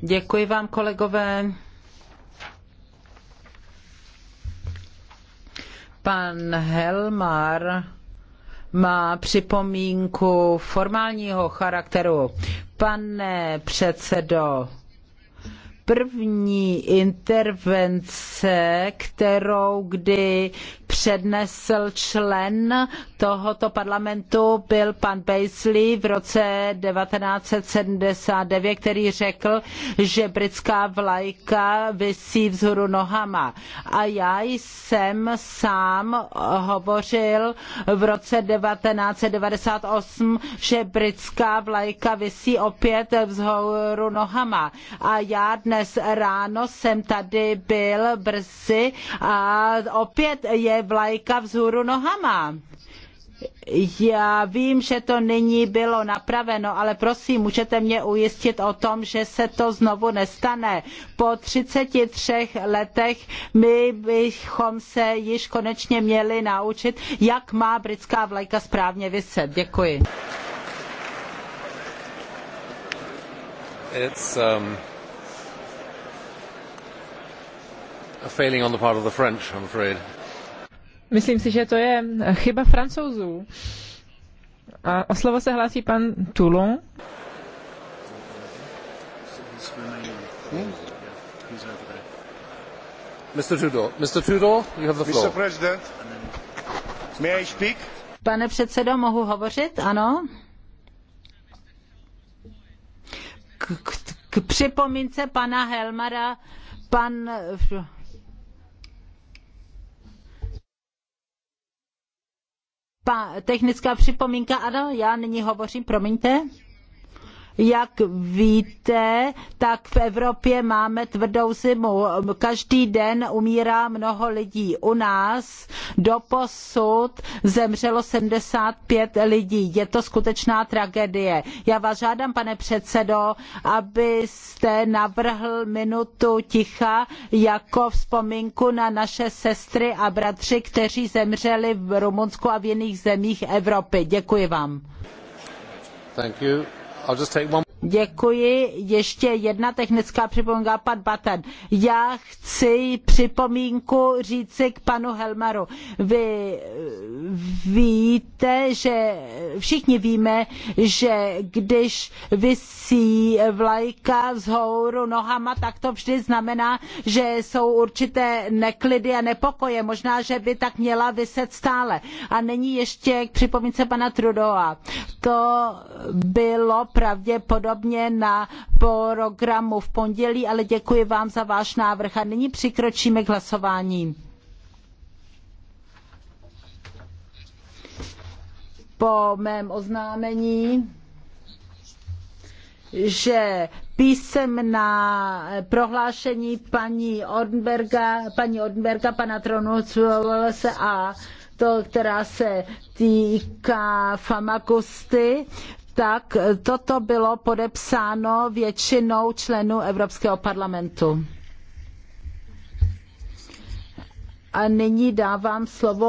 Děkuji vám, kolegové. Pan Helmar má připomínku formálního charakteru. Pane předsedo, první intervence, kterou kdy přednesl člen tohoto parlamentu, byl pan Paisley v roce 1979, který řekl, že britská vlajka visí vzhůru nohama. A já jsem sám hovořil v roce 1998, že britská vlajka visí opět vzhůru nohama. A já dnes ráno jsem tady byl brzy a opět je vlajka vzhůru nohama. Já vím, že to nyní bylo napraveno, ale prosím, můžete mě ujistit o tom, že se to znovu nestane. Po 33 letech my bychom se již konečně měli naučit, jak má britská vlajka správně vyset. Děkuji. It's, um, a failing on the part of the French, I'm afraid. Myslím si, že to je chyba francouzů. A o slovo se hlásí pan Toulon. Mr. Trudeau, Mr. Trudeau, you have the floor. Mr. President, may I speak? Pane předsedo, mohu hovořit? Ano. K, k, k připomínce pana Helmara, pan technická připomínka, ano, já nyní hovořím, promiňte. Jak víte, tak v Evropě máme tvrdou zimu. Každý den umírá mnoho lidí. U nás doposud zemřelo 75 lidí. Je to skutečná tragédie. Já vás žádám, pane předsedo, abyste navrhl minutu ticha jako vzpomínku na naše sestry a bratři, kteří zemřeli v Rumunsku a v jiných zemích Evropy. Děkuji vám. Thank you. Děkuji. Ještě jedna technická připomínka, pan Batan. Já chci připomínku říci k panu Helmaru. Vy eh, víte, že všichni víme, že když vysí vlajka vzhůru nohama, tak to vždy znamená, že jsou určité neklidy a nepokoje. Možná, že by tak měla vyset stále. A není ještě k připomínce pana Trudeau to bylo pravděpodobně na programu v pondělí, ale děkuji vám za váš návrh. A nyní přikročíme k hlasování. Po mém oznámení že písemná prohlášení paní Odenberga, paní Odenberga pana Tronucvelse a to, která se týká Famagusty, tak toto bylo podepsáno většinou členů Evropského parlamentu. A nyní dávám slovo